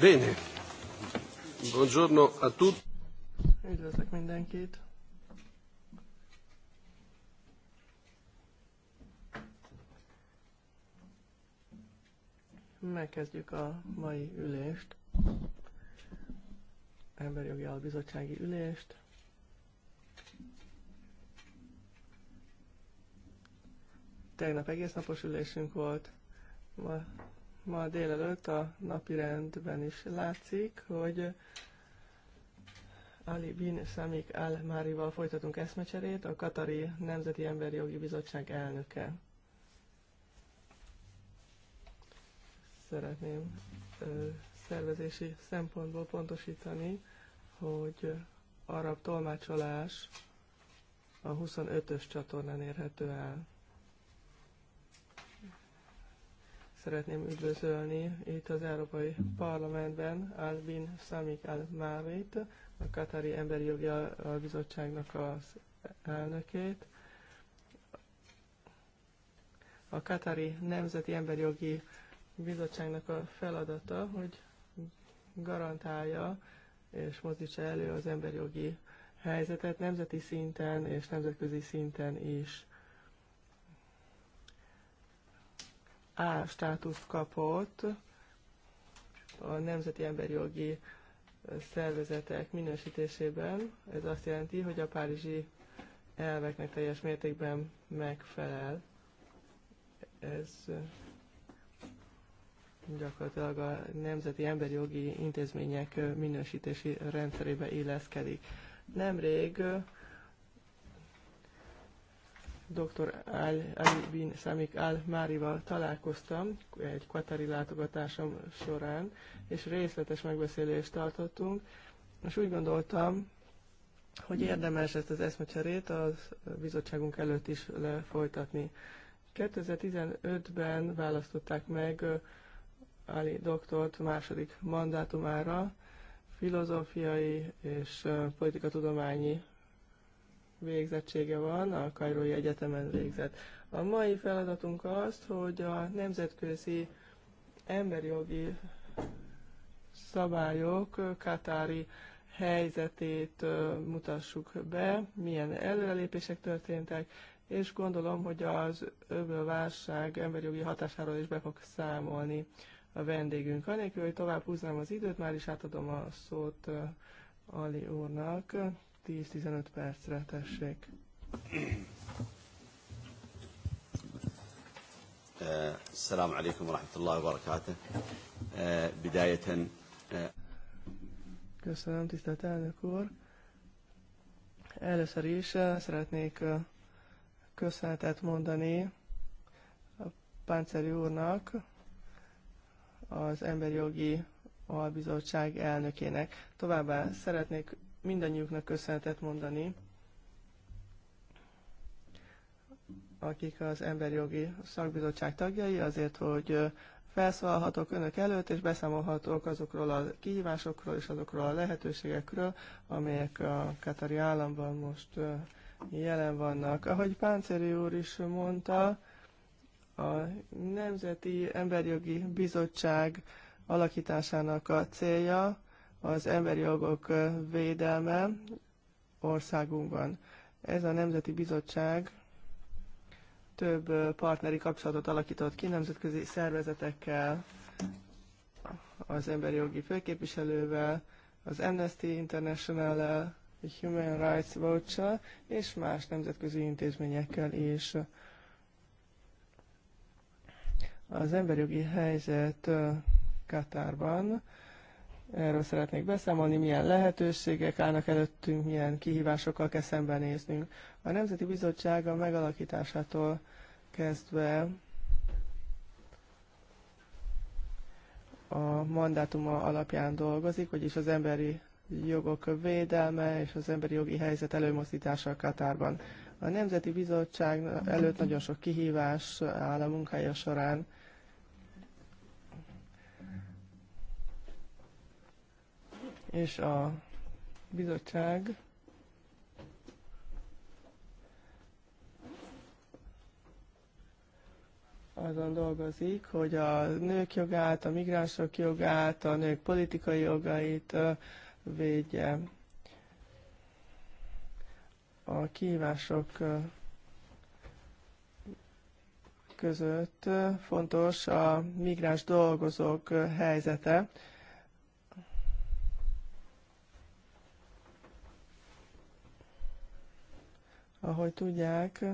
Bene. Buongiorno a tutti. Üdvözlök mindenkit. Megkezdjük a mai ülést. Emberjogi Albizottsági ülést. Tegnap egész napos ülésünk volt, ma ma délelőtt a napi rendben is látszik, hogy Ali bin Samik al Márival folytatunk eszmecserét, a Katari Nemzeti Emberi Jogi Bizottság elnöke. Szeretném ö, szervezési szempontból pontosítani, hogy arab tolmácsolás a 25-ös csatornán érhető el. szeretném üdvözölni itt az Európai Parlamentben Albin Samik Al-Márit, a Katari Emberi Jogi Bizottságnak az elnökét. A Katari Nemzeti Emberi Jogi Bizottságnak a feladata, hogy garantálja és mozdítsa elő az emberi jogi helyzetet nemzeti szinten és nemzetközi szinten is A státuszt kapott a Nemzeti jogi Szervezetek minősítésében. Ez azt jelenti, hogy a párizsi elveknek teljes mértékben megfelel. Ez gyakorlatilag a Nemzeti Emberi Jogi Intézmények minősítési rendszerébe illeszkedik. Nemrég dr. Ali bin Samik Al Márival találkoztam egy katari látogatásom során, és részletes megbeszélést tartottunk, és úgy gondoltam, hogy érdemes ezt az eszmecserét a bizottságunk előtt is lefolytatni. 2015-ben választották meg Ali doktort második mandátumára, filozófiai és politikatudományi végzettsége van, a Kajrói Egyetemen végzett. A mai feladatunk az, hogy a nemzetközi emberjogi szabályok katári helyzetét mutassuk be, milyen előrelépések történtek, és gondolom, hogy az öböl válság emberjogi hatásáról is be fog számolni a vendégünk. Anélkül, hogy tovább húznám az időt, már is átadom a szót Ali úrnak. 10-15 percre, tessék. السلام عليكم ورحمة الله وبركاته بداية Köszönöm, tisztelt elnök úr! Először is eh, szeretnék eh, köszönetet mondani a Pánceri úrnak, az Emberi Jogi Albizottság elnökének. Továbbá szeretnék mindannyiuknak köszönetet mondani, akik az Emberjogi Szakbizottság tagjai, azért, hogy felszólalhatok önök előtt, és beszámolhatok azokról a kihívásokról és azokról a lehetőségekről, amelyek a Katari államban most jelen vannak. Ahogy Páncéri úr is mondta, a Nemzeti Emberjogi Bizottság alakításának a célja, az emberi jogok védelme országunkban. Ez a Nemzeti Bizottság több partneri kapcsolatot alakított ki nemzetközi szervezetekkel, az emberi jogi főképviselővel, az Amnesty International-el, a Human Rights watch és más nemzetközi intézményekkel is. Az emberi jogi helyzet Katárban Erről szeretnék beszámolni, milyen lehetőségek állnak előttünk, milyen kihívásokkal kell szembenéznünk. A Nemzeti Bizottság a megalakításától kezdve a mandátuma alapján dolgozik, vagyis az emberi jogok védelme és az emberi jogi helyzet előmozdítása a Katárban. A Nemzeti Bizottság előtt nagyon sok kihívás áll a munkája során. és a bizottság azon dolgozik, hogy a nők jogát, a migránsok jogát, a nők politikai jogait védje. A kihívások között fontos a migráns dolgozók helyzete, Ahogy tudják,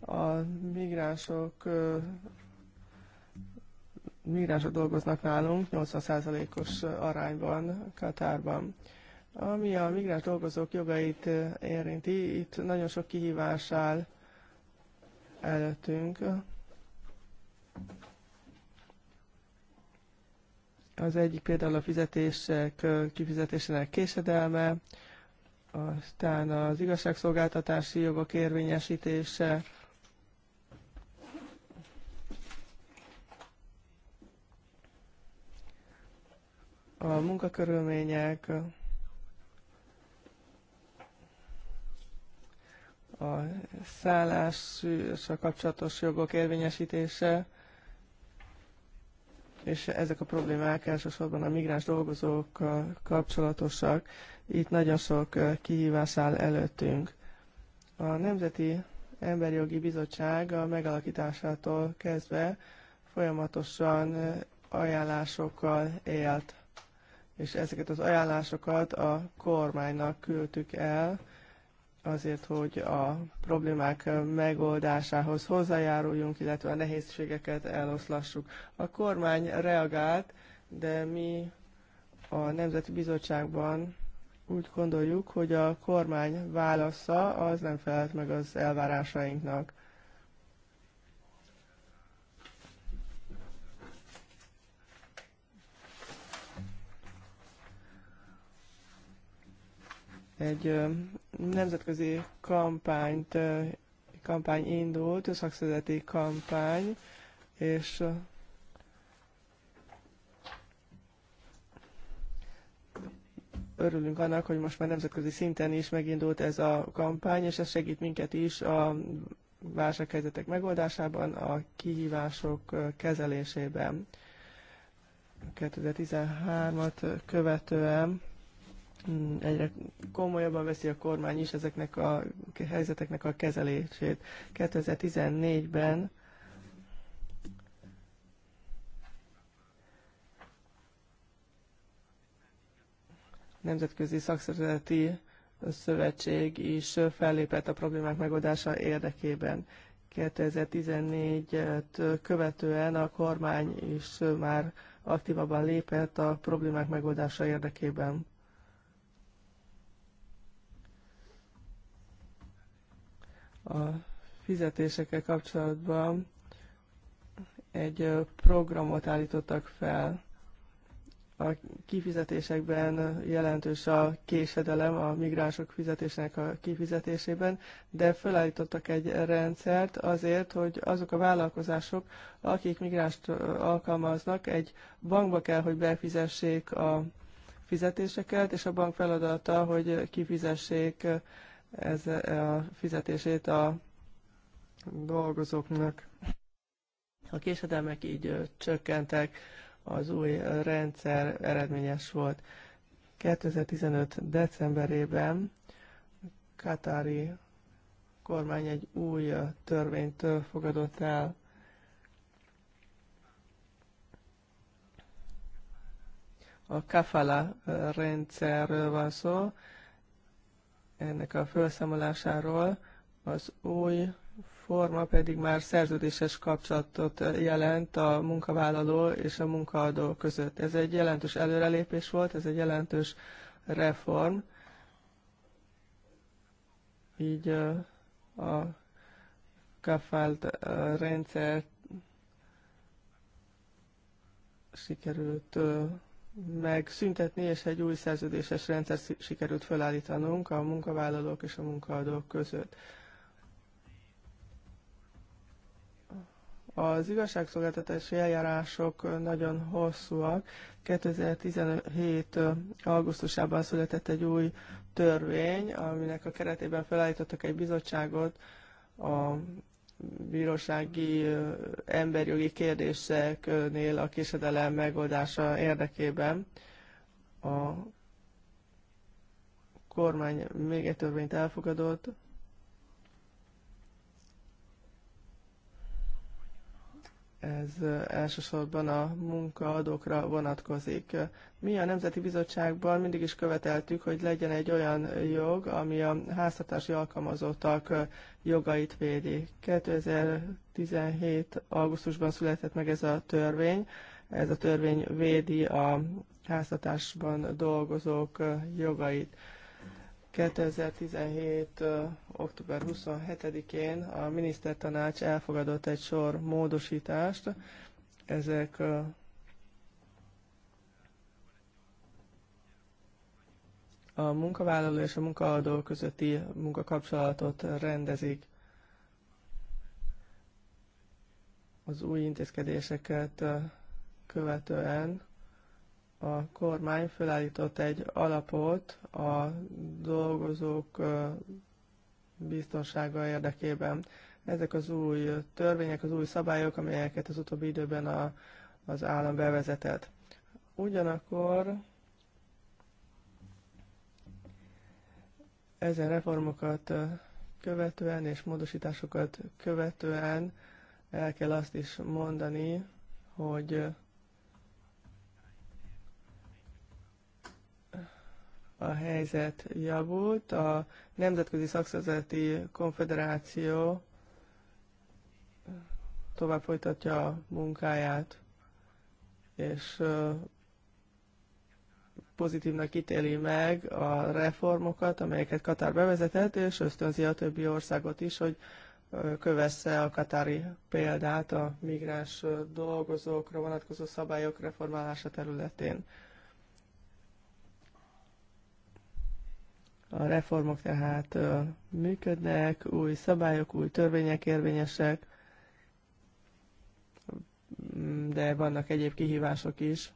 a migránsok migránsok dolgoznak nálunk 80%-os arányban Katárban. Ami a migráns dolgozók jogait érinti, itt nagyon sok kihívás áll előttünk. Az egyik például a fizetések kifizetésének késedelme, aztán az igazságszolgáltatási jogok érvényesítése, a munkakörülmények, a szállással kapcsolatos jogok érvényesítése, és ezek a problémák elsősorban a migráns dolgozók kapcsolatosak. Itt nagyon sok kihívás áll előttünk. A Nemzeti Emberjogi Bizottság a megalakításától kezdve folyamatosan ajánlásokkal élt, és ezeket az ajánlásokat a kormánynak küldtük el, azért, hogy a problémák megoldásához hozzájáruljunk, illetve a nehézségeket eloszlassuk. A kormány reagált, de mi a Nemzeti Bizottságban úgy gondoljuk, hogy a kormány válasza az nem felelt meg az elvárásainknak. Egy nemzetközi kampányt, kampány indult, szakszervezeti kampány, és örülünk annak, hogy most már nemzetközi szinten is megindult ez a kampány, és ez segít minket is a válsághelyzetek megoldásában, a kihívások kezelésében. 2013-at követően egyre komolyabban veszi a kormány is ezeknek a helyzeteknek a kezelését. 2014-ben Nemzetközi Szakszervezeti Szövetség is fellépett a problémák megoldása érdekében. 2014-t követően a kormány is már aktívabban lépett a problémák megoldása érdekében. a fizetésekkel kapcsolatban egy programot állítottak fel. A kifizetésekben jelentős a késedelem a migránsok fizetésének a kifizetésében, de felállítottak egy rendszert azért, hogy azok a vállalkozások, akik migránst alkalmaznak, egy bankba kell, hogy befizessék a fizetéseket, és a bank feladata, hogy kifizessék ez e, a fizetését a dolgozóknak. A késedelmek így csökkentek, az új rendszer eredményes volt. 2015. decemberében Katári kormány egy új törvényt fogadott el. A kafala rendszerről van szó, ennek a felszámolásáról. Az új forma pedig már szerződéses kapcsolatot jelent a munkavállaló és a munkaadó között. Ez egy jelentős előrelépés volt, ez egy jelentős reform. Így a kafált rendszert sikerült megszüntetni, és egy új szerződéses rendszer sikerült felállítanunk a munkavállalók és a munkaadók között. Az igazságszolgáltatási eljárások nagyon hosszúak. 2017. augusztusában született egy új törvény, aminek a keretében felállítottak egy bizottságot a bírósági emberjogi kérdéseknél a késedelem megoldása érdekében a kormány még egy törvényt elfogadott, ez elsősorban a munkaadókra vonatkozik. Mi a Nemzeti Bizottságban mindig is követeltük, hogy legyen egy olyan jog, ami a háztartási alkalmazottak jogait védi. 2017. augusztusban született meg ez a törvény. Ez a törvény védi a háztartásban dolgozók jogait. 2017. október 27-én a minisztertanács elfogadott egy sor módosítást. Ezek a munkavállaló és a munkaadó közötti munkakapcsolatot rendezik. Az új intézkedéseket követően a kormány felállított egy alapot a dolgozók biztonsága érdekében. Ezek az új törvények, az új szabályok, amelyeket az utóbbi időben a, az állam bevezetett. Ugyanakkor ezen reformokat követően és módosításokat követően el kell azt is mondani, hogy a helyzet javult. A Nemzetközi Szakszervezeti Konfederáció tovább folytatja a munkáját, és pozitívnak ítéli meg a reformokat, amelyeket Katár bevezetett, és ösztönzi a többi országot is, hogy kövesse a katári példát a migráns dolgozókra vonatkozó szabályok reformálása területén. A reformok tehát működnek, új szabályok, új törvények érvényesek, de vannak egyéb kihívások is.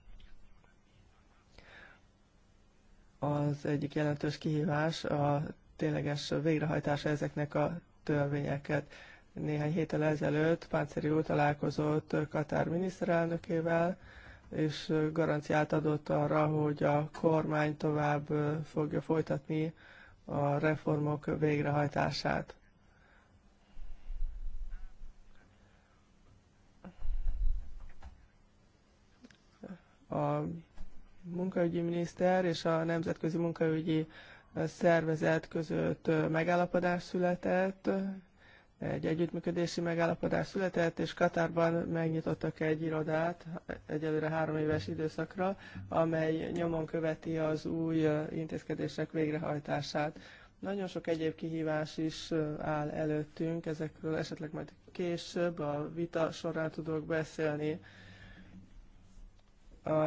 Az egyik jelentős kihívás a tényleges végrehajtása ezeknek a törvényeket. Néhány héttel ezelőtt Páncéri úr találkozott Katár miniszterelnökével, és garanciát adott arra, hogy a kormány tovább fogja folytatni a reformok végrehajtását. A munkaügyi miniszter és a Nemzetközi Munkaügyi Szervezet között megállapodás született egy együttműködési megállapodás született, és Katárban megnyitottak egy irodát egyelőre három éves időszakra, amely nyomon követi az új intézkedések végrehajtását. Nagyon sok egyéb kihívás is áll előttünk, ezekről esetleg majd később a vita során tudok beszélni. A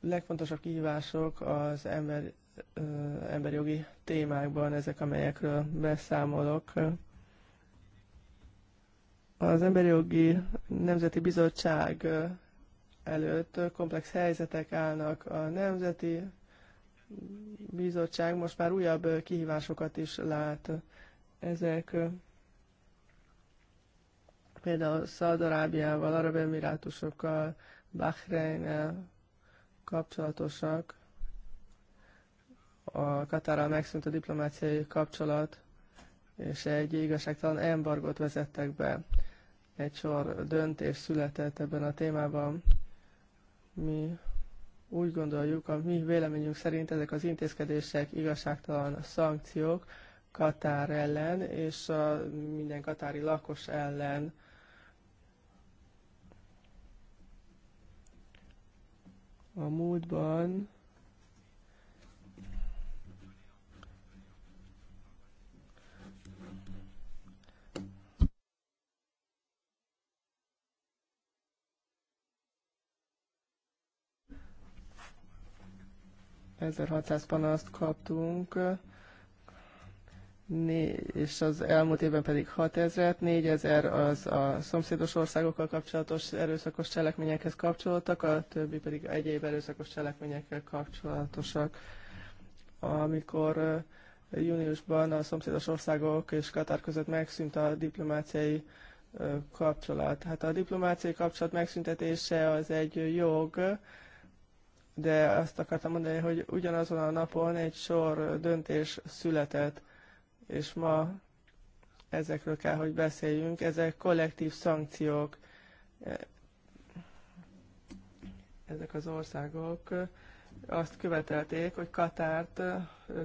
legfontosabb kihívások az ember, emberi jogi témákban, ezek amelyekről beszámolok. Az Emberi Jogi Nemzeti Bizottság előtt komplex helyzetek állnak. A Nemzeti Bizottság most már újabb kihívásokat is lát. Ezek például Szaldarábiával, Arab Emirátusokkal, Bahreinnel kapcsolatosak a Katarral megszűnt a diplomáciai kapcsolat, és egy igazságtalan embargot vezettek be. Egy sor döntés született ebben a témában. Mi úgy gondoljuk, a mi véleményünk szerint ezek az intézkedések igazságtalan szankciók Katár ellen és a minden katári lakos ellen. A múltban 1600 panaszt kaptunk, és az elmúlt évben pedig 6000-et, 4000 az a szomszédos országokkal kapcsolatos erőszakos cselekményekhez kapcsolódtak, a többi pedig egyéb erőszakos cselekményekkel kapcsolatosak. Amikor júniusban a szomszédos országok és Katar között megszűnt a diplomáciai kapcsolat. Hát a diplomáciai kapcsolat megszüntetése az egy jog, de azt akartam mondani, hogy ugyanazon a napon egy sor döntés született, és ma ezekről kell, hogy beszéljünk. Ezek kollektív szankciók. Ezek az országok azt követelték, hogy Katárt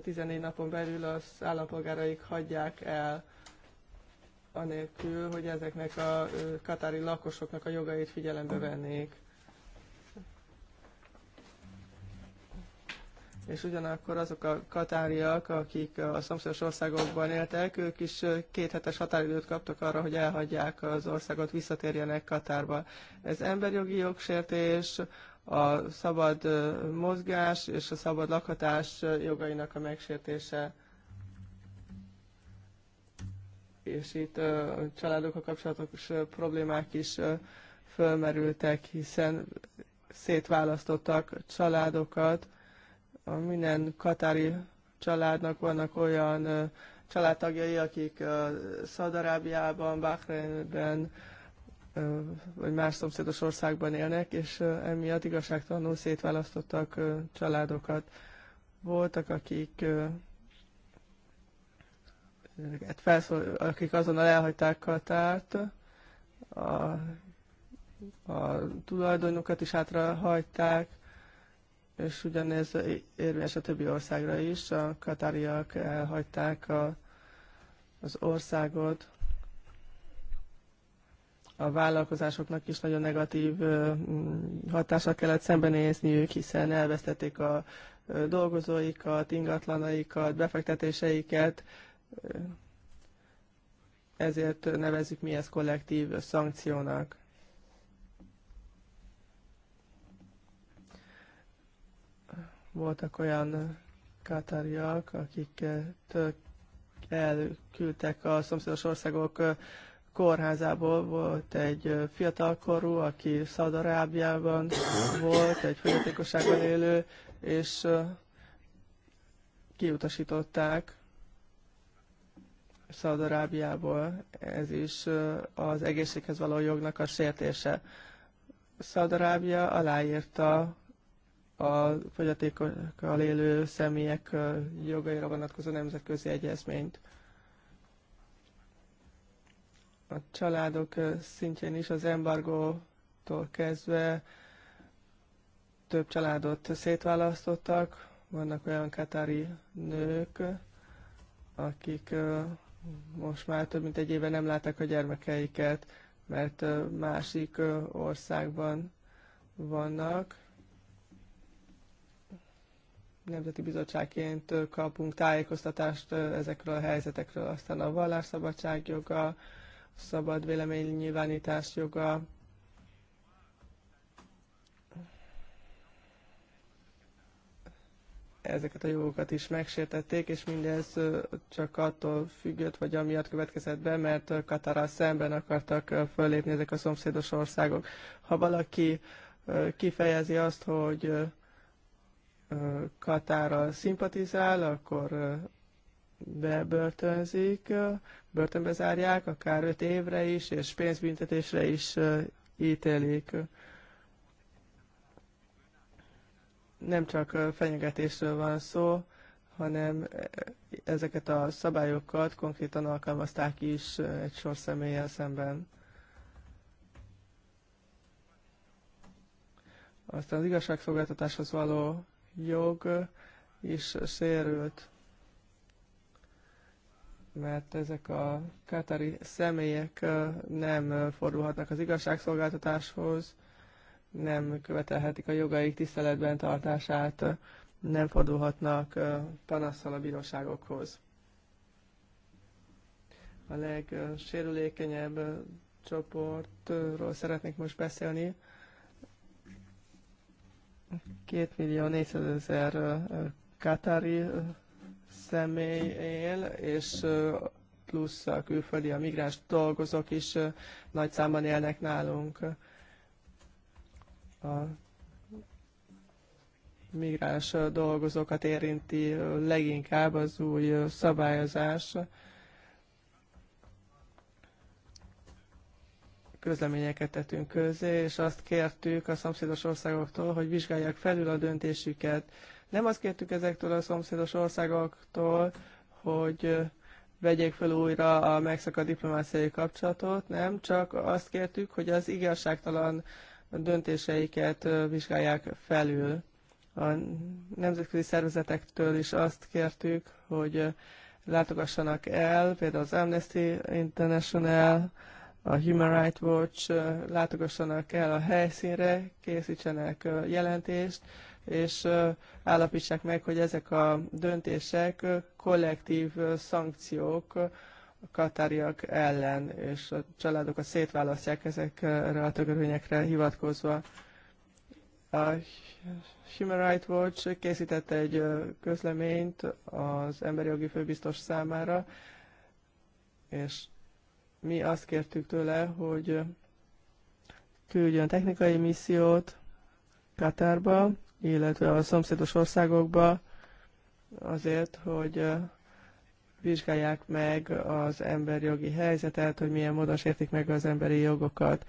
14 napon belül az állampolgáraik hagyják el, anélkül, hogy ezeknek a katári lakosoknak a jogait figyelembe vennék és ugyanakkor azok a katáriak, akik a szomszédos országokban éltek, ők is hetes határidőt kaptak arra, hogy elhagyják az országot, visszatérjenek Katárba. Ez emberjogi jogsértés, a szabad mozgás és a szabad lakhatás jogainak a megsértése. És itt családokkal kapcsolatos problémák is fölmerültek, hiszen szétválasztottak családokat, minden katári családnak vannak olyan családtagjai, akik Szadarábiában, Bahreinben, vagy más szomszédos országban élnek, és emiatt igazságtalanul szétválasztottak családokat. Voltak, akik hát felszól, akik azonnal elhagyták Katárt, a, a tulajdonokat is hátrahagyták, és ugyanez érvényes a többi országra is. A katáriak elhagyták a, az országot. A vállalkozásoknak is nagyon negatív hatással kellett szembenézniük, hiszen elvesztették a dolgozóikat, ingatlanaikat, befektetéseiket. Ezért nevezzük mi ezt kollektív szankciónak. Voltak olyan katariak, akiket elküldtek a szomszédos országok kórházából volt egy fiatalkorú, aki Szaudarábiában volt, egy fogyatékossággal élő, és kiutasították Szaudarábiából. Ez is az egészséghez való jognak a sértése. Szaudarábia aláírta a fogyatékkal élő személyek jogaira vonatkozó nemzetközi egyezményt. A családok szintjén is az embargótól kezdve több családot szétválasztottak. Vannak olyan katári nők, akik most már több mint egy éve nem látták a gyermekeiket, mert másik országban vannak, Nemzeti Bizottságként kapunk tájékoztatást ezekről a helyzetekről. Aztán a vallásszabadság joga, a szabad véleménynyilvánítás joga, ezeket a jogokat is megsértették, és mindez csak attól függött, vagy amiatt következett be, mert Katarral szemben akartak fölépni ezek a szomszédos országok. Ha valaki kifejezi azt, hogy Katárral szimpatizál, akkor bebörtönzik, börtönbe zárják, akár öt évre is, és pénzbüntetésre is ítélik. Nem csak fenyegetésről van szó, hanem ezeket a szabályokat konkrétan alkalmazták is egy sor személlyel szemben. Aztán az igazságszolgáltatáshoz való jog is sérült, mert ezek a katari személyek nem fordulhatnak az igazságszolgáltatáshoz, nem követelhetik a jogaik tiszteletben tartását, nem fordulhatnak panasszal a bíróságokhoz. A legsérülékenyebb csoportról szeretnék most beszélni, 2 millió 400 ezer katári személy él, és plusz a külföldi, a migráns dolgozók is nagy számban élnek nálunk. A migráns dolgozókat érinti leginkább az új szabályozás, közleményeket tettünk közé, és azt kértük a szomszédos országoktól, hogy vizsgálják felül a döntésüket. Nem azt kértük ezektől a szomszédos országoktól, hogy vegyék fel újra a megszakadt diplomáciai kapcsolatot, nem, csak azt kértük, hogy az igazságtalan döntéseiket vizsgálják felül. A nemzetközi szervezetektől is azt kértük, hogy látogassanak el, például az Amnesty International, a Human Rights Watch látogassanak el a helyszínre, készítsenek jelentést, és állapítsák meg, hogy ezek a döntések kollektív szankciók a katáriak ellen, és a családokat szétválasztják ezekre a törvényekre hivatkozva. A Human Rights Watch készítette egy közleményt az emberi jogi főbiztos számára, és mi azt kértük tőle, hogy küldjön technikai missziót Katárba, illetve a szomszédos országokba azért, hogy vizsgálják meg az emberjogi helyzetet, hogy milyen módon sértik meg az emberi jogokat.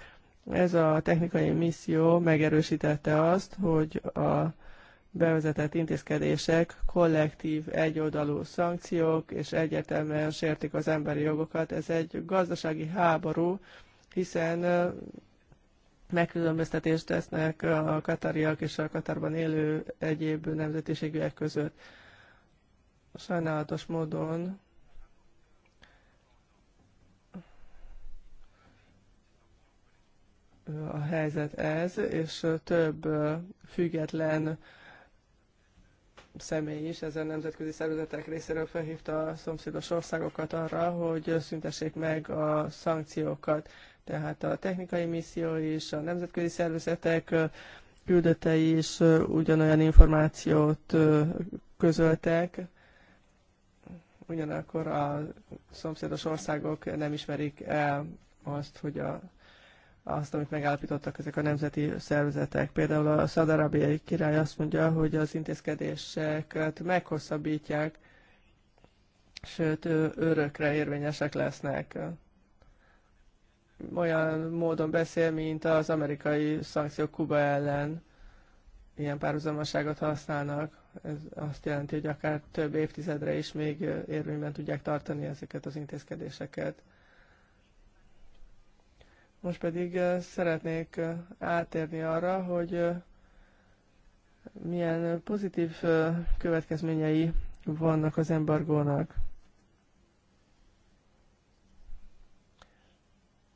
Ez a technikai misszió megerősítette azt, hogy a bevezetett intézkedések, kollektív, egyoldalú szankciók és egyetemen sértik az emberi jogokat. Ez egy gazdasági háború, hiszen megkülönböztetést tesznek a katariak és a Katarban élő egyéb nemzetiségűek között. Sajnálatos módon a helyzet ez, és több független személy is ezen nemzetközi szervezetek részéről felhívta a szomszédos országokat arra, hogy szüntessék meg a szankciókat. Tehát a technikai misszió és a nemzetközi szervezetek küldöttei is ugyanolyan információt közöltek, ugyanakkor a szomszédos országok nem ismerik el azt, hogy a azt, amit megállapítottak ezek a nemzeti szervezetek. Például a szadarabiai király azt mondja, hogy az intézkedéseket meghosszabbítják, sőt, örökre érvényesek lesznek. Olyan módon beszél, mint az amerikai szankciók Kuba ellen. Ilyen párhuzamoságot használnak. Ez azt jelenti, hogy akár több évtizedre is még érvényben tudják tartani ezeket az intézkedéseket most pedig eh, szeretnék eh, átérni arra, hogy eh, milyen pozitív következményei vannak az embargónak.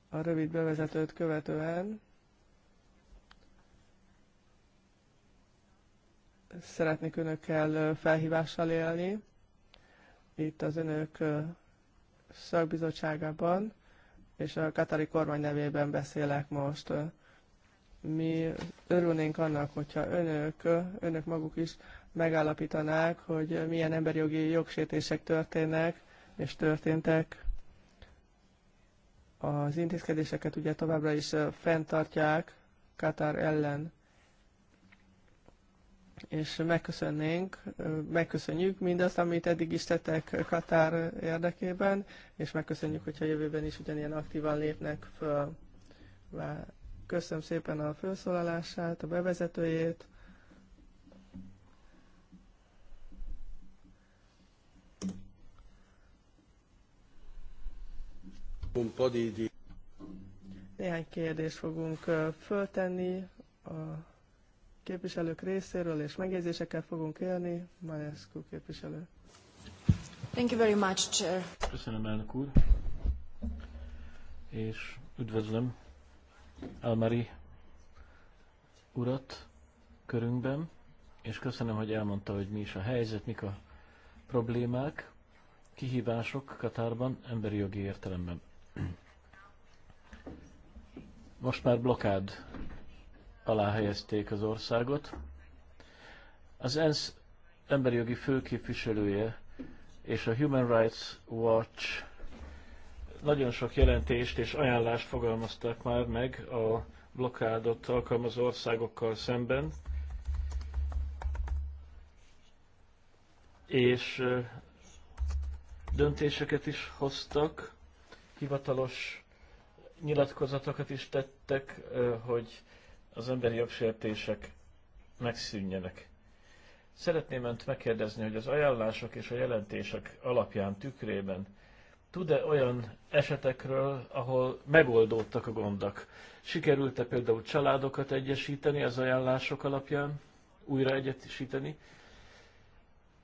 A rövid bevezetőt követően szeretnék önökkel felhívással élni itt az önök szakbizottságában, és a katari kormány nevében beszélek most. Mi örülnénk annak, hogyha önök, önök maguk is megállapítanák, hogy milyen emberi jogi jogsértések történnek és történtek. Az intézkedéseket ugye továbbra is fenntartják Katar ellen és megköszönnénk, megköszönjük mindazt, amit eddig is tettek Katár érdekében, és megköszönjük, hogyha jövőben is ugyanilyen aktívan lépnek föl. Köszönöm szépen a felszólalását, a bevezetőjét. Néhány kérdést fogunk föltenni a képviselők részéről, és megjegyzéseket fogunk élni. Manescu képviselő. Thank you very much, Chair. Köszönöm, elnök úr. És üdvözlöm Almari urat körünkben, és köszönöm, hogy elmondta, hogy mi is a helyzet, mik a problémák, kihívások Katárban, emberi jogi értelemben. Most már blokád alá helyezték az országot. Az ENSZ emberi jogi főképviselője és a Human Rights Watch nagyon sok jelentést és ajánlást fogalmazták már meg a blokkádot alkalmazó országokkal szemben, és döntéseket is hoztak, hivatalos nyilatkozatokat is tettek, hogy az emberi jogsértések megszűnjenek. Szeretném önt megkérdezni, hogy az ajánlások és a jelentések alapján tükrében tud-e olyan esetekről, ahol megoldódtak a gondok? Sikerült-e például családokat egyesíteni az ajánlások alapján, újra egyesíteni?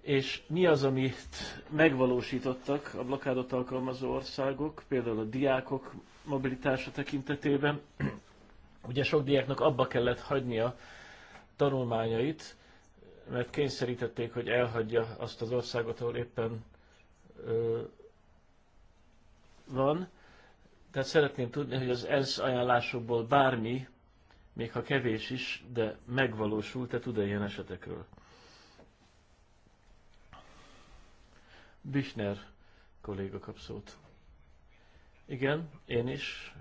És mi az, amit megvalósítottak a blokádot alkalmazó országok, például a diákok mobilitása tekintetében, Ugye sok diáknak abba kellett hagynia tanulmányait, mert kényszerítették, hogy elhagyja azt az országot, ahol éppen ö, van. Tehát szeretném tudni, hogy az ENSZ ajánlásokból bármi, még ha kevés is, de megvalósult, te tud-e ilyen esetekről? Bichner kolléga kap szót. Igen, én is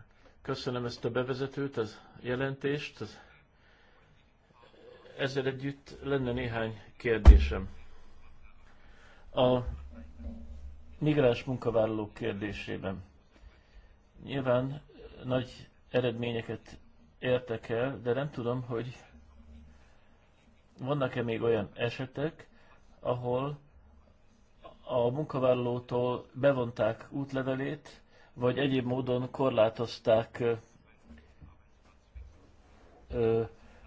Köszönöm ezt a bevezetőt, az jelentést. Ezzel együtt lenne néhány kérdésem. A migráns munkavállalók kérdésében. Nyilván nagy eredményeket értek el, de nem tudom, hogy vannak-e még olyan esetek, ahol a munkavállalótól bevonták útlevelét, vagy egyéb módon korlátozták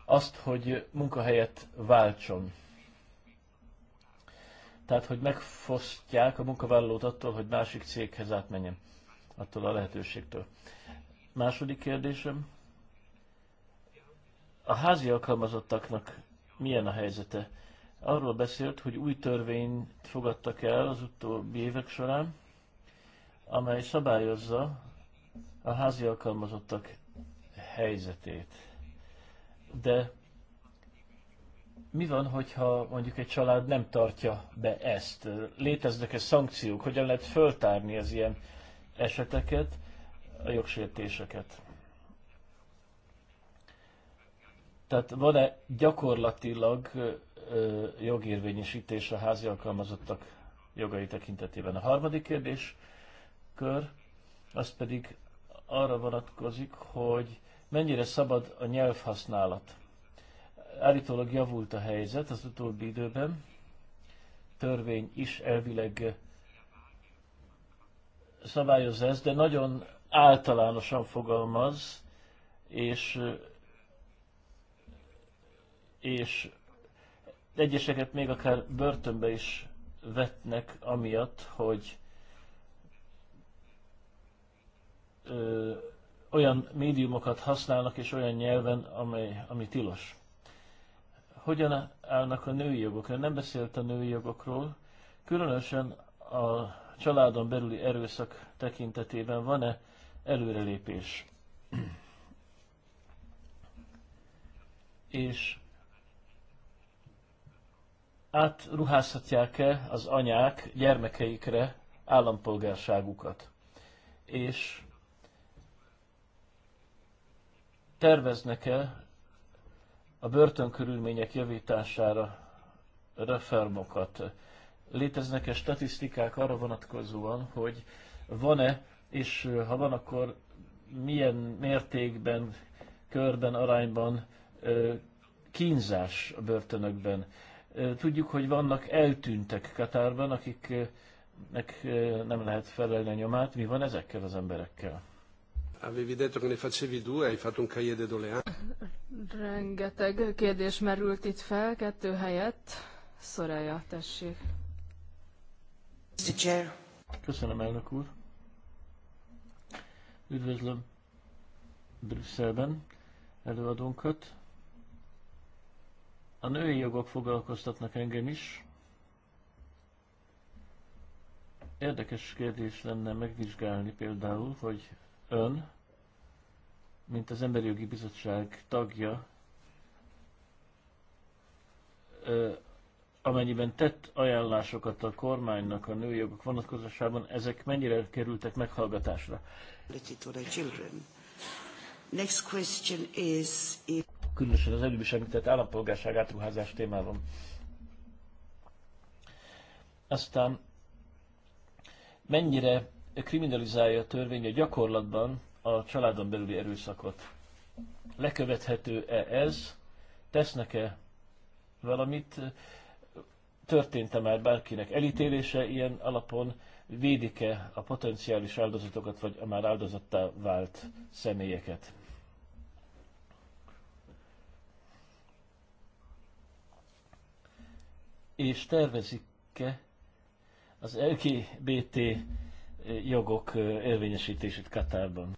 azt, hogy munkahelyet váltson. Tehát, hogy megfosztják a munkavállalót attól, hogy másik céghez átmenjen, attól a lehetőségtől. Második kérdésem. A házi alkalmazottaknak milyen a helyzete? Arról beszélt, hogy új törvényt fogadtak el az utóbbi évek során, amely szabályozza a házi alkalmazottak helyzetét. De mi van, hogyha mondjuk egy család nem tartja be ezt? Léteznek-e szankciók? Hogyan lehet föltárni az ilyen eseteket, a jogsértéseket? Tehát van-e gyakorlatilag jogérvényesítés a házi alkalmazottak jogai tekintetében? A harmadik kérdés, kör, az pedig arra vonatkozik, hogy mennyire szabad a nyelvhasználat. Állítólag javult a helyzet az utóbbi időben, törvény is elvileg szabályozza ezt, de nagyon általánosan fogalmaz, és, és egyeseket még akár börtönbe is vetnek, amiatt, hogy ö, olyan médiumokat használnak és olyan nyelven, amely, ami tilos. Hogyan állnak a női jogok? Ön nem beszélt a női jogokról, különösen a családon belüli erőszak tekintetében van-e előrelépés? és átruházhatják-e az anyák gyermekeikre állampolgárságukat? És terveznek-e a börtönkörülmények javítására reformokat? Léteznek-e statisztikák arra vonatkozóan, hogy van-e, és ha van, akkor milyen mértékben, körben, arányban kínzás a börtönökben? Tudjuk, hogy vannak eltűntek Katárban, akiknek nem lehet felelni a nyomát. Mi van ezekkel az emberekkel? Avevi detto che ne facevi due, hai fatto un cahier de doléances. Rengeteg kérdés merült itt fel, kettő helyett. Szorája, tessék. Köszönöm, elnök úr. Üdvözlöm Brüsszelben előadónkat. A női jogok foglalkoztatnak engem is. Érdekes kérdés lenne megvizsgálni például, hogy ön mint az Emberi Jogi Bizottság tagja, amennyiben tett ajánlásokat a kormánynak a női jogok vonatkozásában, ezek mennyire kerültek meghallgatásra? Next question is if... Különösen az előbb is említett állampolgárság átruházás témában. Aztán mennyire kriminalizálja a törvény a gyakorlatban a családon belüli erőszakot. Lekövethető-e ez? Tesznek-e valamit? Történt-e már bárkinek elítélése ilyen alapon? Védik-e a potenciális áldozatokat, vagy a már áldozattá vált személyeket? És tervezik-e az LGBT jogok érvényesítését Katárban?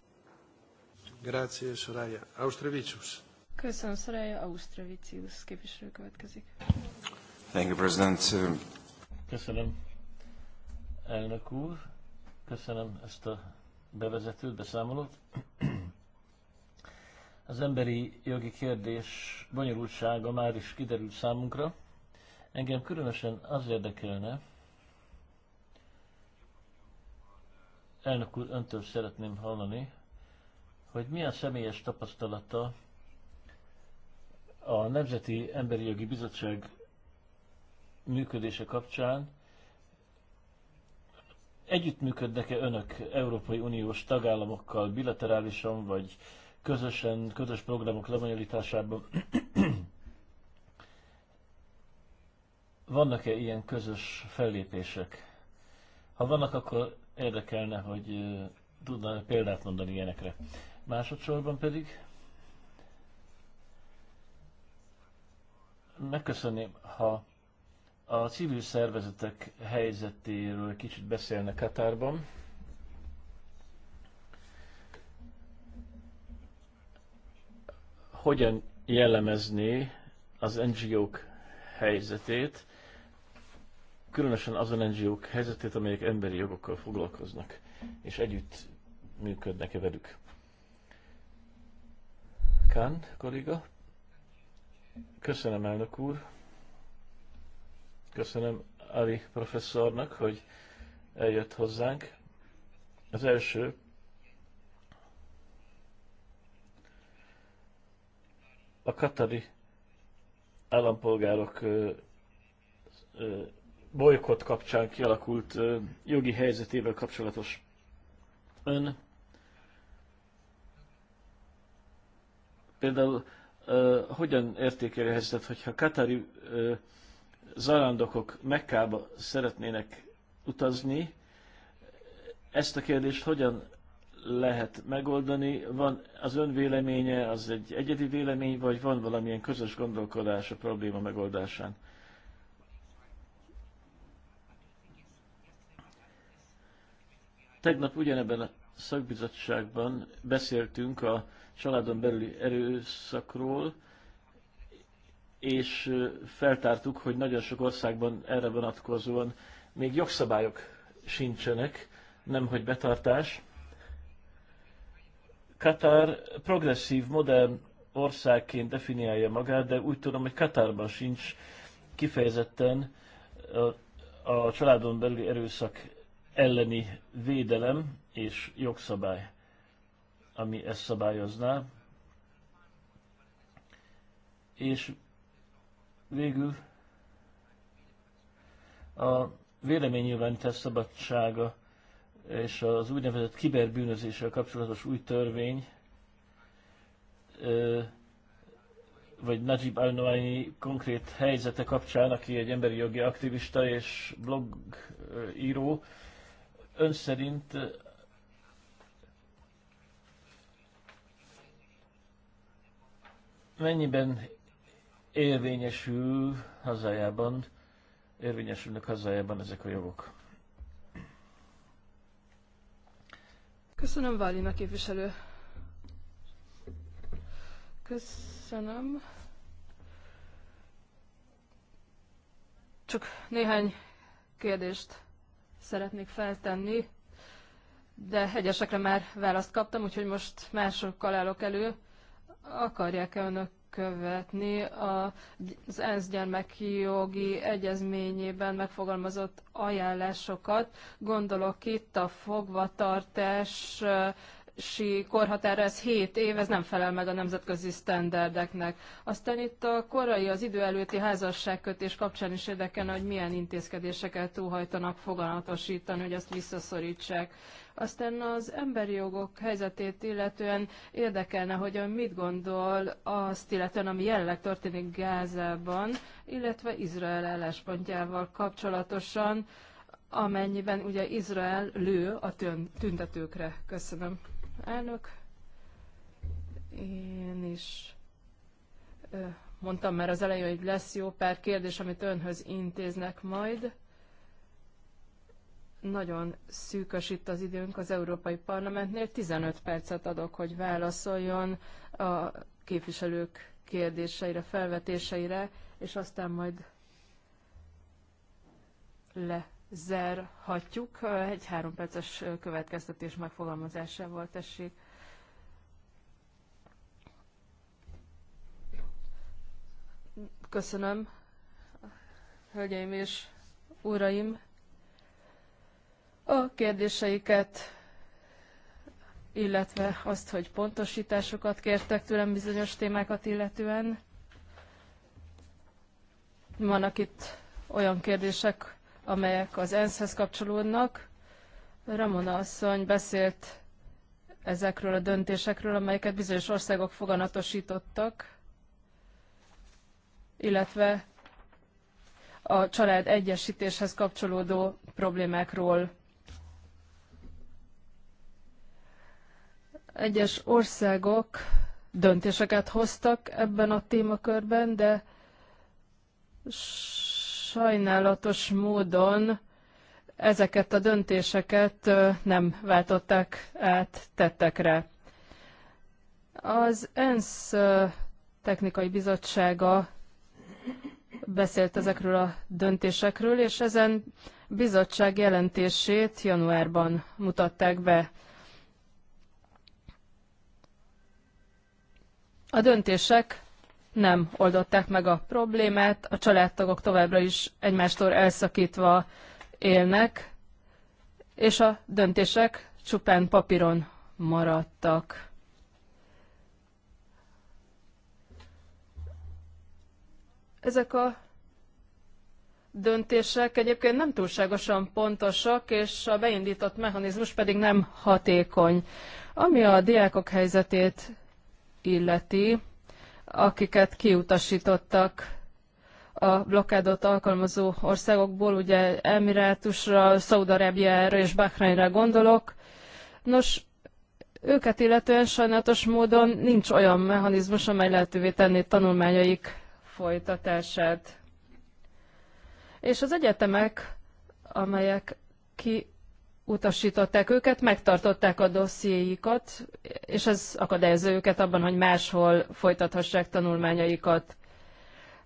Grazie, Soraya. Austrevicius. Köszönöm, Soraya. Austrevicius képviselő következik. Thank you, President. Köszönöm, elnök úr. Köszönöm ezt a bevezetőt, beszámolót. Az emberi jogi kérdés bonyolultsága már is kiderült számunkra. Engem különösen az érdekelne, elnök úr, öntől szeretném hallani, hogy milyen személyes tapasztalata a Nemzeti Emberi Jogi Bizottság működése kapcsán együttműködnek-e önök Európai Uniós tagállamokkal bilaterálisan, vagy közösen, közös programok lebonyolításában? Vannak-e ilyen közös fellépések? Ha vannak, akkor érdekelne, hogy tudna példát mondani ilyenekre. Másodszorban pedig megköszönném, ha a civil szervezetek helyzetéről kicsit beszélne Katárban. Hogyan jellemezné az NGO-k helyzetét, különösen azon NGO-k helyzetét, amelyek emberi jogokkal foglalkoznak, és együtt működnek-e velük. Kán kolléga. Köszönöm, elnök úr. Köszönöm Ali professzornak, hogy eljött hozzánk. Az első a katari állampolgárok bolykott kapcsán kialakult jogi helyzetével kapcsolatos ön Például hogyan értékeli a helyzetet, hogyha katari zarándokok Mekkába szeretnének utazni, ezt a kérdést hogyan lehet megoldani? Van az ön véleménye, az egy egyedi vélemény, vagy van valamilyen közös gondolkodás a probléma megoldásán? Tegnap ugyanebben a szakbizottságban beszéltünk a családon belüli erőszakról, és feltártuk, hogy nagyon sok országban erre vonatkozóan még jogszabályok sincsenek, nemhogy betartás. Katar progresszív, modern országként definiálja magát, de úgy tudom, hogy Katarban sincs kifejezetten a, a családon belüli erőszak elleni védelem és jogszabály ami ezt szabályozná. És végül a véleménynyilvánítás szabadsága és az úgynevezett kiberbűnözéssel kapcsolatos új törvény, vagy Najib al konkrét helyzete kapcsán, aki egy emberi jogi aktivista és blogíró, ön szerint mennyiben érvényesül hazájában, érvényesülnek hazájában ezek a jogok? Köszönöm, Válina képviselő. Köszönöm. Csak néhány kérdést szeretnék feltenni, de egyesekre már választ kaptam, úgyhogy most másokkal állok elő akarják-e önök követni az ENSZ gyermeki jogi egyezményében megfogalmazott ajánlásokat. Gondolok itt a fogvatartás belépési korhatár ez 7 év, ez nem felel meg a nemzetközi sztenderdeknek. Aztán itt a korai, az idő előtti házasságkötés kapcsán is érdekelne, hogy milyen intézkedéseket túlhajtanak foganatosítani, hogy azt visszaszorítsák. Aztán az emberi jogok helyzetét illetően érdekelne, hogy ön mit gondol azt illetően, ami jelenleg történik Gázában, illetve Izrael álláspontjával kapcsolatosan, amennyiben ugye Izrael lő a tüntetőkre. Köszönöm elnök. Én is mondtam már az elején, hogy lesz jó pár kérdés, amit önhöz intéznek majd. Nagyon szűkös itt az időnk az Európai Parlamentnél. 15 percet adok, hogy válaszoljon a képviselők kérdéseire, felvetéseire, és aztán majd le zárhatjuk. Egy három perces következtetés megfogalmazásával tessék. Köszönöm, hölgyeim és uraim, a kérdéseiket, illetve azt, hogy pontosításokat kértek tőlem bizonyos témákat illetően. Vannak itt olyan kérdések, amelyek az ENSZ-hez kapcsolódnak. Ramona asszony beszélt ezekről a döntésekről, amelyeket bizonyos országok foganatosítottak, illetve a család egyesítéshez kapcsolódó problémákról. Egyes országok döntéseket hoztak ebben a témakörben, de sajnálatos módon ezeket a döntéseket nem váltották át tettekre. Az ENSZ technikai bizottsága beszélt ezekről a döntésekről, és ezen bizottság jelentését januárban mutatták be. A döntések nem oldották meg a problémát, a családtagok továbbra is egymástól elszakítva élnek, és a döntések csupán papíron maradtak. Ezek a döntések egyébként nem túlságosan pontosak, és a beindított mechanizmus pedig nem hatékony. Ami a diákok helyzetét illeti, akiket kiutasítottak a blokádot alkalmazó országokból, ugye Emirátusra, Szaudarábiára és Bahreinre gondolok. Nos, őket illetően sajnálatos módon nincs olyan mechanizmus, amely lehetővé tenné tanulmányaik folytatását. És az egyetemek, amelyek ki utasították őket, megtartották a dossziéikat, és ez akadályozza őket abban, hogy máshol folytathassák tanulmányaikat.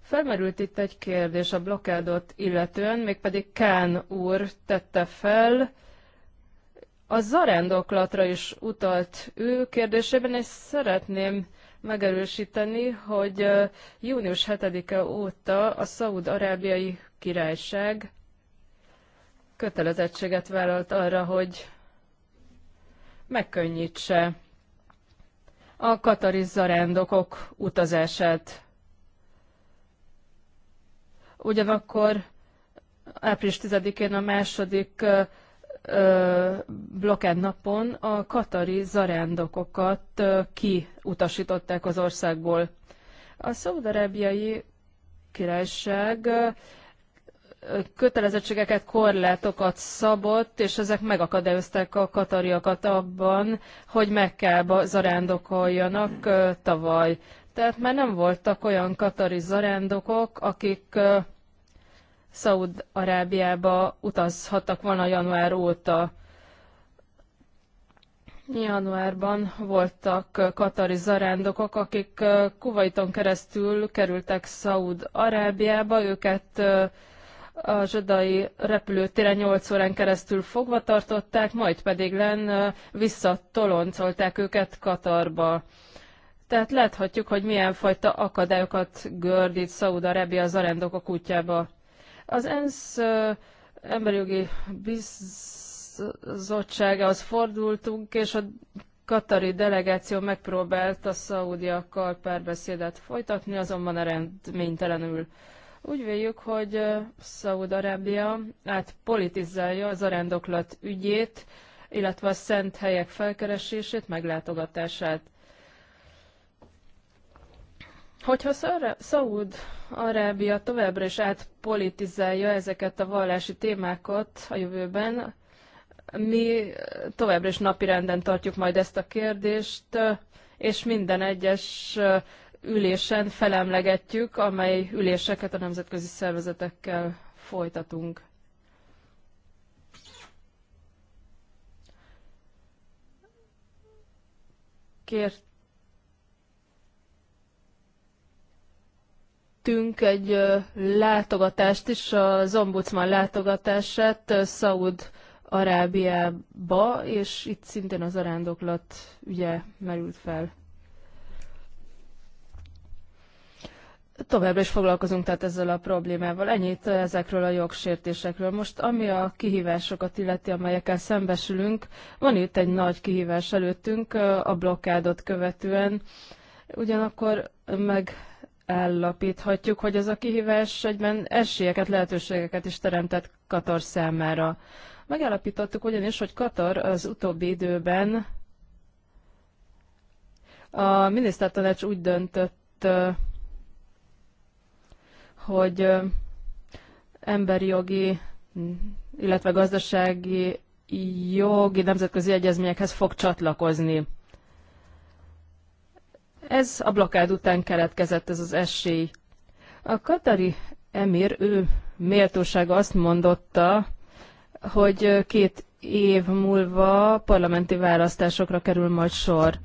Felmerült itt egy kérdés a blokkádot illetően, mégpedig Kán úr tette fel, a zarándoklatra is utalt ő kérdésében, és szeretném megerősíteni, hogy június 7-e óta a Szaúd-arábiai királyság kötelezettséget vállalt arra, hogy megkönnyítse a katari zarándokok utazását. Ugyanakkor április 10-én a második blokád napon a katari zarándokokat kiutasították az országból. A szaudarábiai királyság kötelezettségeket, korlátokat szabott, és ezek megakadályozták a katariakat abban, hogy Mekkába zarándokoljanak tavaly. Tehát már nem voltak olyan katari zarándokok, akik Szaúd-Arábiába utazhattak volna január óta. Januárban voltak katari zarándokok, akik Kuwaiton keresztül kerültek Szaúd-Arábiába, őket a zsadai repülőtéren 8 órán keresztül fogva tartották, majd pedig len visszatoloncolták őket Katarba. Tehát láthatjuk, hogy milyen fajta akadályokat gördít Szaúd-Arábia az a útjába. Az ENSZ emberjogi az fordultunk, és a katari delegáció megpróbált a szaúdiakkal párbeszédet folytatni, azonban eredménytelenül. Úgy véljük, hogy Szaúd-Arábia átpolitizálja az arándoklat ügyét, illetve a szent helyek felkeresését, meglátogatását. Hogyha Szaúd-Arábia továbbra is átpolitizálja ezeket a vallási témákat a jövőben, mi továbbra is napirenden tartjuk majd ezt a kérdést, és minden egyes ülésen felemlegetjük, amely üléseket a nemzetközi szervezetekkel folytatunk. Kértünk egy látogatást is, az ombudsman látogatását Szaúd Arábiába, és itt szintén az arándoklat ügye merült fel. továbbra is foglalkozunk tehát ezzel a problémával. Ennyit ezekről a jogsértésekről. Most ami a kihívásokat illeti, amelyekkel szembesülünk, van itt egy nagy kihívás előttünk a blokkádot követően. Ugyanakkor meg állapíthatjuk, hogy ez a kihívás egyben esélyeket, lehetőségeket is teremtett Katar számára. Megállapítottuk ugyanis, hogy Katar az utóbbi időben a minisztertanács úgy döntött, hogy emberi jogi, illetve gazdasági jogi nemzetközi egyezményekhez fog csatlakozni. Ez a blokád után keletkezett ez az esély. A katari emir, ő méltósága azt mondotta, hogy két év múlva parlamenti választásokra kerül majd sor.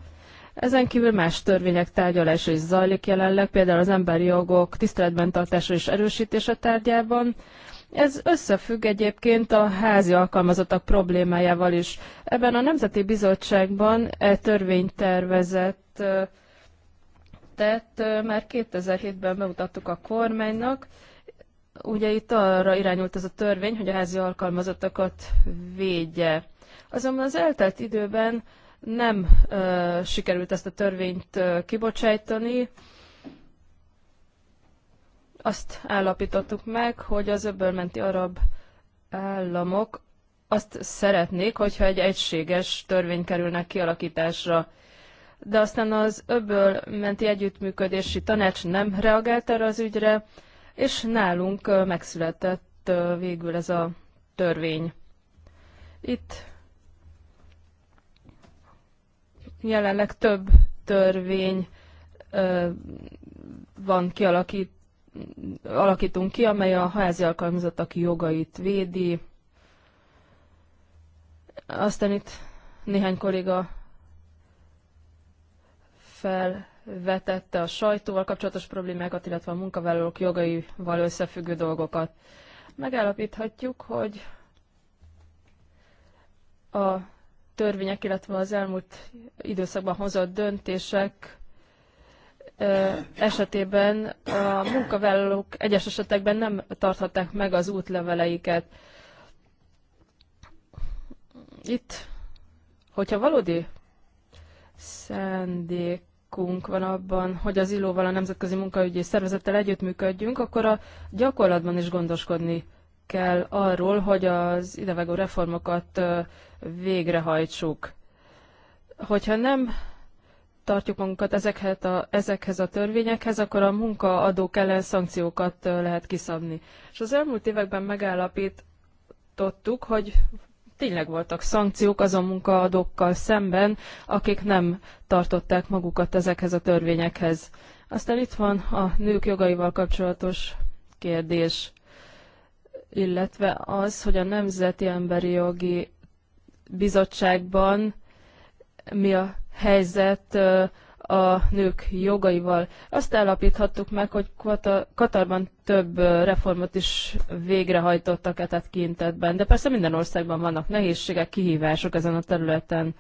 Ezen kívül más törvények tárgyalása is zajlik jelenleg, például az emberi jogok tiszteletben tartása és erősítése tárgyában. Ez összefügg egyébként a házi alkalmazottak problémájával is. Ebben a Nemzeti Bizottságban e törvénytervezet tett, már 2007-ben bemutattuk a kormánynak, ugye itt arra irányult ez a törvény, hogy a házi alkalmazottakat védje. Azonban az eltelt időben nem ö, sikerült ezt a törvényt ö, kibocsájtani. Azt állapítottuk meg, hogy az öbölmenti arab államok azt szeretnék, hogyha egy egységes törvény kerülne kialakításra. De aztán az öbölmenti együttműködési tanács nem reagált erre az ügyre, és nálunk megszületett végül ez a törvény. Itt Jelenleg több törvény van kialakít, alakítunk ki, amely a házi alkalmazottak jogait védi. Aztán itt néhány kolléga felvetette a sajtóval kapcsolatos problémákat, illetve a munkavállalók jogaival összefüggő dolgokat. Megállapíthatjuk, hogy a törvények, illetve az elmúlt időszakban hozott döntések esetében a munkavállalók egyes esetekben nem tarthatták meg az útleveleiket. Itt, hogyha valódi szendék, van abban, hogy az ILO-val, a Nemzetközi Munkaügyi Szervezettel együttműködjünk, akkor a gyakorlatban is gondoskodni kell arról, hogy az idevágó reformokat végrehajtsuk. Hogyha nem tartjuk magunkat ezekhez a, ezekhez a törvényekhez, akkor a munkaadók ellen szankciókat lehet kiszabni. És az elmúlt években megállapítottuk, hogy tényleg voltak szankciók azon munkaadókkal szemben, akik nem tartották magukat ezekhez a törvényekhez. Aztán itt van a nők jogaival kapcsolatos kérdés illetve az, hogy a Nemzeti Emberi Jogi Bizottságban mi a helyzet a nők jogaival. Azt állapíthattuk meg, hogy Katarban több reformot is végrehajtottak e kintetben, de persze minden országban vannak nehézségek, kihívások ezen a területen.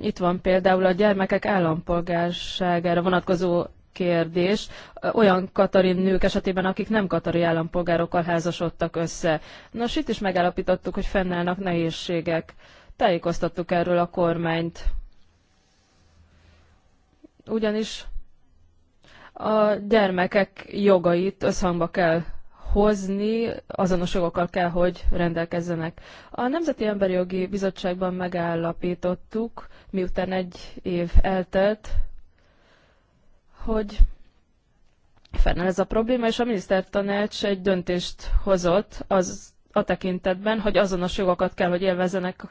Itt van például a gyermekek állampolgárságára vonatkozó kérdés olyan katarin nők esetében, akik nem katari állampolgárokkal házasodtak össze. Nos, itt is megállapítottuk, hogy fennállnak nehézségek. Tájékoztattuk erről a kormányt. Ugyanis a gyermekek jogait összhangba kell hozni, azonos jogokkal kell, hogy rendelkezzenek. A Nemzeti Emberi Jogi Bizottságban megállapítottuk, miután egy év eltelt, hogy fennáll ez a probléma, és a minisztertanács egy döntést hozott az a tekintetben, hogy azonos jogokat kell, hogy élvezenek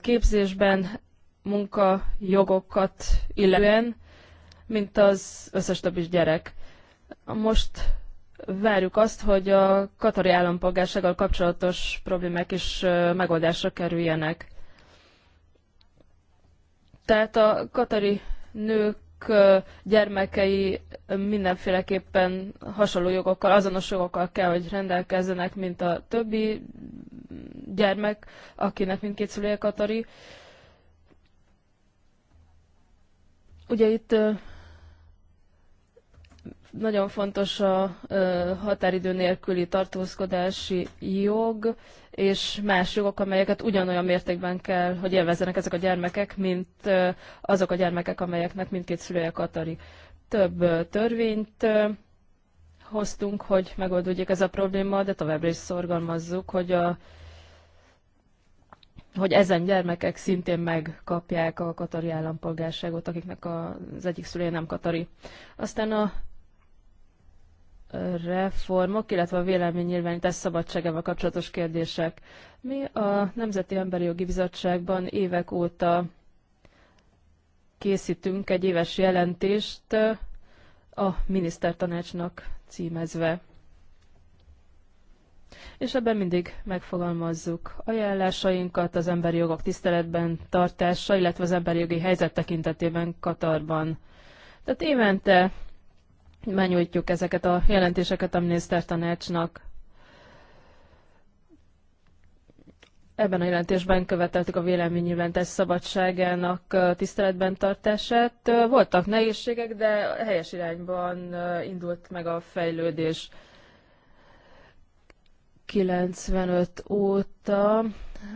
képzésben, munkajogokat illetően, mint az összes többi gyerek. Most várjuk azt, hogy a katari állampolgársággal kapcsolatos problémák is megoldásra kerüljenek. Tehát a katari nők gyermekei mindenféleképpen hasonló jogokkal, azonos jogokkal kell, hogy rendelkezzenek, mint a többi gyermek, akinek mindkét szülője katari. Ugye itt nagyon fontos a határidő nélküli tartózkodási jog, és más jogok, amelyeket ugyanolyan mértékben kell, hogy élvezzenek ezek a gyermekek, mint azok a gyermekek, amelyeknek mindkét szülője katari. Több törvényt hoztunk, hogy megoldódjék ez a probléma, de továbbra is szorgalmazzuk, hogy a hogy ezen gyermekek szintén megkapják a katari állampolgárságot, akiknek az egyik szülője nem katari. Aztán a reformok, illetve a véleménynyilvánítás szabadságával kapcsolatos kérdések. Mi a Nemzeti Emberi Jogi Bizottságban évek óta készítünk egy éves jelentést a minisztertanácsnak címezve. És ebben mindig megfogalmazzuk ajánlásainkat az emberi jogok tiszteletben tartása, illetve az emberi jogi helyzet tekintetében Katarban. Tehát évente benyújtjuk ezeket a jelentéseket a minisztertanácsnak. Ebben a jelentésben követeltük a véleménynyilvántás szabadságának tiszteletben tartását. Voltak nehézségek, de helyes irányban indult meg a fejlődés. 95 óta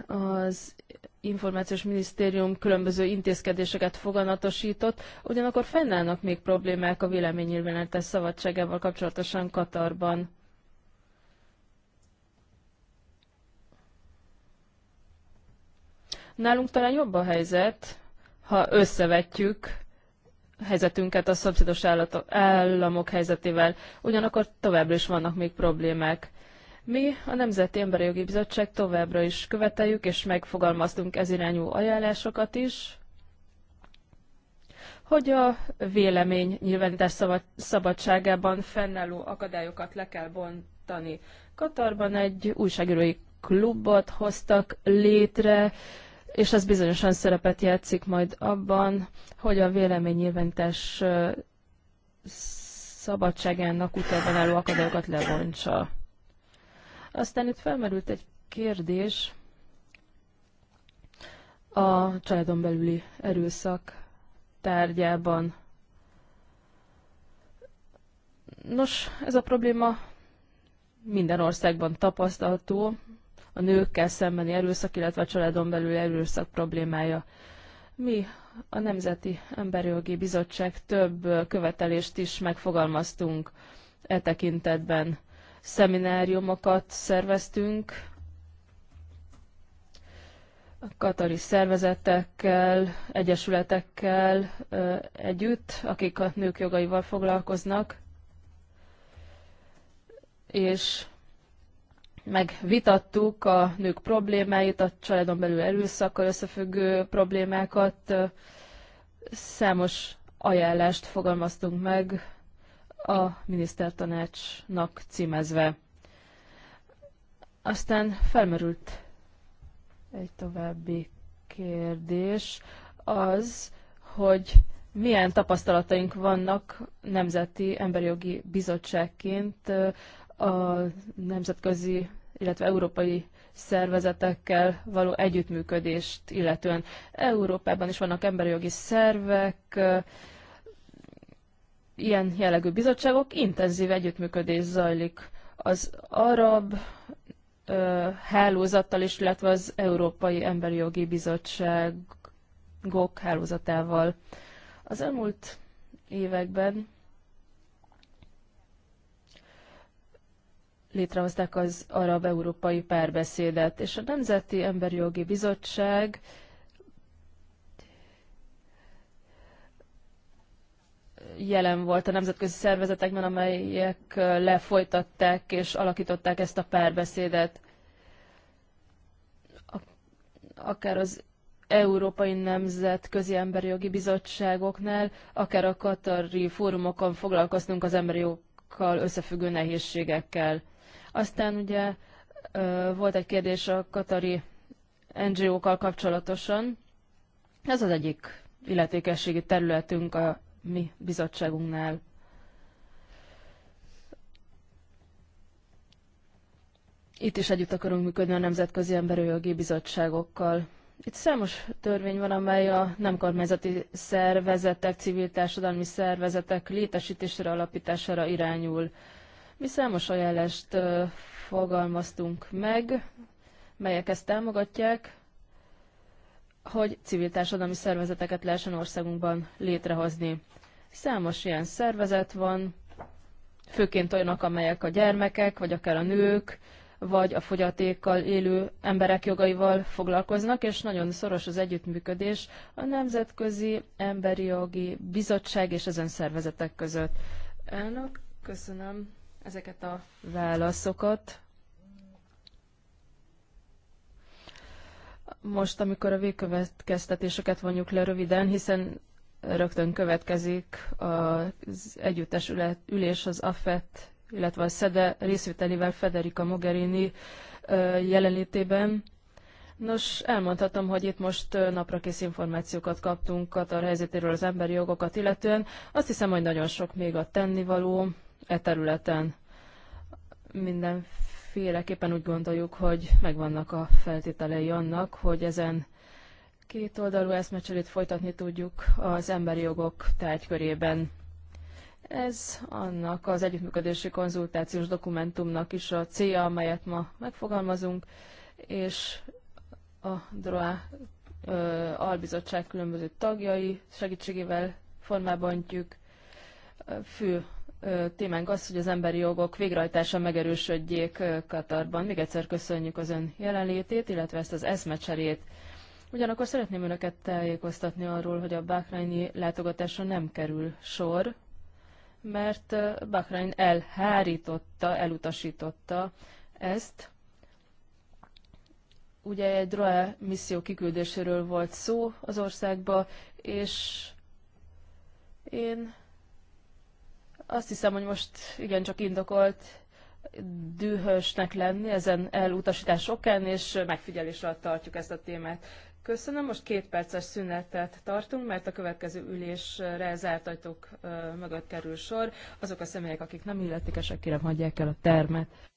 az Információs Minisztérium különböző intézkedéseket foganatosított, ugyanakkor fennállnak még problémák a véleménynyilvánítás szabadságával kapcsolatosan Katarban. Nálunk talán jobb a helyzet, ha összevetjük helyzetünket a szomszédos államok helyzetével. Ugyanakkor továbbra is vannak még problémák. Mi a Nemzeti Emberi Jogi Bizottság továbbra is követeljük, és megfogalmaztunk ez irányú ajánlásokat is, hogy a vélemény nyilvánítás szabadságában fennálló akadályokat le kell bontani. Katarban egy újságírói klubot hoztak létre, és ez bizonyosan szerepet játszik majd abban, hogy a vélemény nyilvánítás szabadságának utalban álló akadályokat lebontsa. Aztán itt felmerült egy kérdés a családon belüli erőszak tárgyában. Nos, ez a probléma minden országban tapasztalható, a nőkkel szembeni erőszak, illetve a családon belüli erőszak problémája. Mi a Nemzeti Emberjogi Bizottság több követelést is megfogalmaztunk e tekintetben szemináriumokat szerveztünk a katari szervezetekkel, egyesületekkel együtt, akik a nők jogaival foglalkoznak, és megvitattuk a nők problémáit, a családon belül erőszakkal összefüggő problémákat, számos ajánlást fogalmaztunk meg a minisztertanácsnak címezve. Aztán felmerült egy további kérdés, az, hogy milyen tapasztalataink vannak nemzeti emberi jogi bizottságként a nemzetközi, illetve európai szervezetekkel való együttműködést illetően. Európában is vannak emberi jogi szervek, ilyen jellegű bizottságok, intenzív együttműködés zajlik az arab ö, hálózattal is, illetve az Európai Emberi Jogi Bizottságok hálózatával. Az elmúlt években létrehozták az arab-európai párbeszédet, és a Nemzeti Emberi Jogi Bizottság jelen volt a nemzetközi szervezetekben, amelyek lefolytatták és alakították ezt a párbeszédet. Akár az Európai Nemzetközi Emberi Jogi Bizottságoknál, akár a katari fórumokon foglalkoztunk az emberi jogokkal összefüggő nehézségekkel. Aztán ugye volt egy kérdés a katari NGO-kkal kapcsolatosan. Ez az egyik illetékességi területünk a mi bizottságunknál. Itt is együtt akarunk működni a Nemzetközi Emberi Jogi Bizottságokkal. Itt számos törvény van, amely a nem kormányzati szervezetek, civil társadalmi szervezetek létesítésre alapítására irányul. Mi számos ajánlást fogalmaztunk meg, melyek ezt támogatják, hogy civil társadalmi szervezeteket lehessen országunkban létrehozni. Számos ilyen szervezet van, főként olyanok, amelyek a gyermekek, vagy akár a nők, vagy a fogyatékkal élő emberek jogaival foglalkoznak, és nagyon szoros az együttműködés a Nemzetközi Emberi Jogi Bizottság és ezen szervezetek között. Elnök, köszönöm ezeket a válaszokat. most, amikor a végkövetkeztetéseket vonjuk le röviden, hiszen rögtön következik az együttes ülés az AFET, illetve a SZEDE részvételével Federica Mogherini jelenlétében. Nos, elmondhatom, hogy itt most naprakész információkat kaptunk a helyzetéről az emberi jogokat illetően. Azt hiszem, hogy nagyon sok még a tennivaló e területen minden féleképpen úgy gondoljuk, hogy megvannak a feltételei annak, hogy ezen két oldalú eszmecserét folytatni tudjuk az emberi jogok tárgykörében. Ez annak az együttműködési konzultációs dokumentumnak is a célja, amelyet ma megfogalmazunk, és a DROA albizottság különböző tagjai segítségével formában gyűjtjük fő témánk az, hogy az emberi jogok végrehajtása megerősödjék Katarban. Még egyszer köszönjük az ön jelenlétét, illetve ezt az eszmecserét. Ugyanakkor szeretném önöket tájékoztatni arról, hogy a Bahraini látogatásra nem kerül sor, mert Bahrain elhárította, elutasította ezt. Ugye egy DROE misszió kiküldéséről volt szó az országba, és én azt hiszem, hogy most igencsak indokolt dühösnek lenni ezen elutasítás okán, és megfigyelés alatt tartjuk ezt a témát. Köszönöm, most két perces szünetet tartunk, mert a következő ülésre zárt ajtók mögött kerül sor. Azok a személyek, akik nem illetékesek, kérem hagyják el a termet.